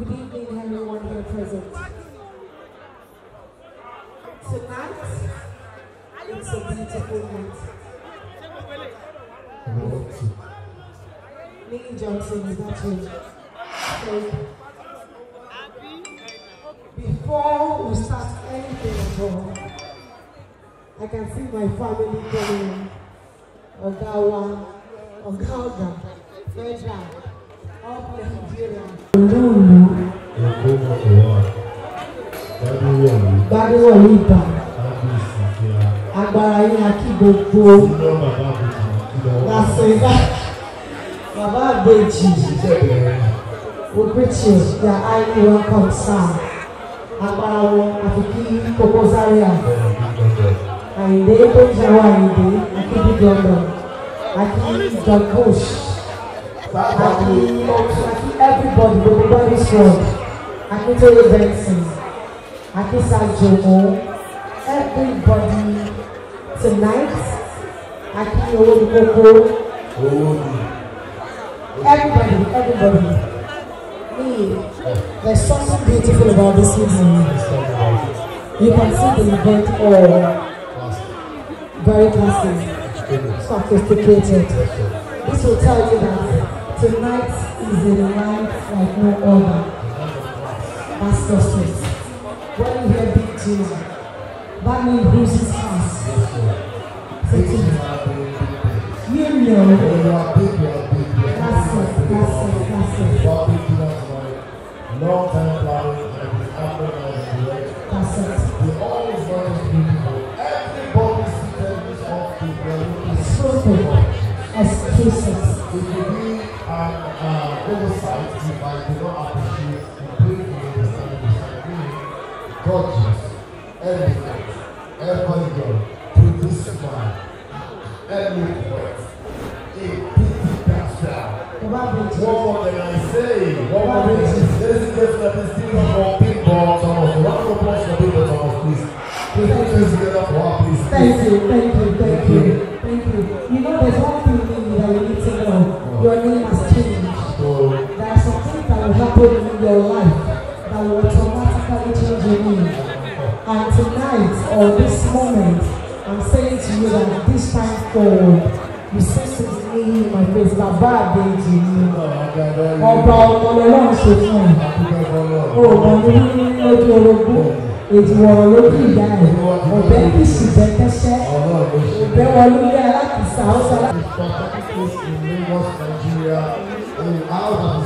Good evening, everyone here present. Tonight, it's a beautiful night. Millie Johnson is not here. before we start anything at all, I can see my family coming. Ogawa, Ogawa, Fedra gbadewọlé ìbà agbára yín akí gbogbo lásìkò bàbá àbèjì obrìtì ya àìní welcome sir agbára wọn àti kí kókó zaria àyìndé tó ń jẹun àyìndé akíbi gbọdọ akíbi gbọdọ àti oṣù àti everybody gbogbo body strong akíntóye benson akínsájòmó everybody tonight akínyẹwò ní kókó everybody everybody me there's something beautiful about this evening you can see the event all very classy sophisticated this will tell you that. Tonight is a night like no other. Pastor Street. When you hear Big Jimmy, that name rules his house. Say to me, you know. That's it, that's it, that's it. Long time planning and the aftermath of the provide uh, oversight if I do not appreciate and pray for the understanding. Gorgeous, elegant, everybody go. Produce smile. Eloquent. A pretty dancer. What more can I say? What more can I say? Ladies and gentlemen, please give up for Big Ball Thomas. Round of for Big Ball Thomas, please. Please put together for her, please. Thank you, thank you. that will automatically change your life. And tonight, or this moment, I'm saying to you that this time forward, you say to me in my face, Bàbá Adéjì ni ọba ọmọlọ́wọ́ ṣe fún ẹ̀. Oògùn ni wọ́n ní lójú orogún. Èdìwọ̀rọ̀ lójú ìyá rẹ̀. Ọ̀bẹ kì í sì bẹ́ kẹ́sẹ́. Ọ̀bẹ wọlé ilé alákìsà ọ̀sán.